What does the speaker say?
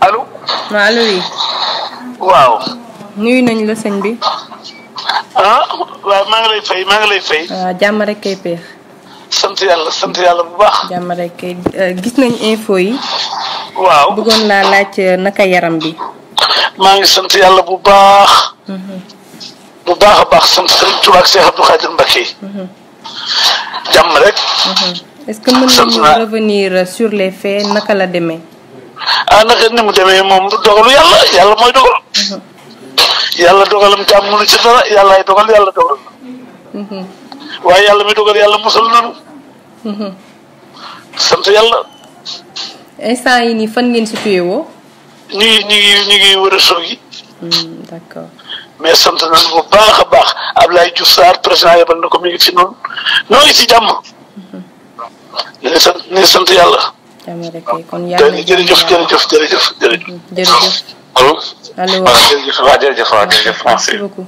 allo. waaw allo oui. waaw. nuyu nañ la sëñ bi. ah waaw maa ngi lay fay maa ngi lay fay. waaw jàmm rek kay peex. sant yàlla sant yàlla bu baax. jàmm rek euh, gis nañ info yi. waaw bëggoon laa laaj euh, naka yaram bi. maa ngi sant yàlla bu baax. Mhm. bu baax a baax sant Sëriñ Tuubaa ak Cheikh Abdou Khadir Mbacké. Mhm. jàmm rek. Mhm. est-ce que mën nañu revenir euh, sur les faits naka la demee. ah naka ni mu demee moom dogalu yàlla yàlla mooy dogal yàlla dogalam jàmm mënu ci dara yàlla ay dogal yàlla dogal waaye yàlla mi dogal yàlla musal nanu sant yàlla instant yi nii fan ngeen situé woo ñu ngi ñu ngi ñu ngi wër a soog yi hmm, d'accord mais sant nañu bu baax a baax Abdoulaye Diouf Sarr président ko mi ngi fi jàmm ñu hmm. sant ñu sant yàlla jërëjëf kon yàlla na jërëjëf jërëjëf jërëjëf jërëjëf. allo. allo waaw jërëjëf waaw jërëjëf merci beaucoup.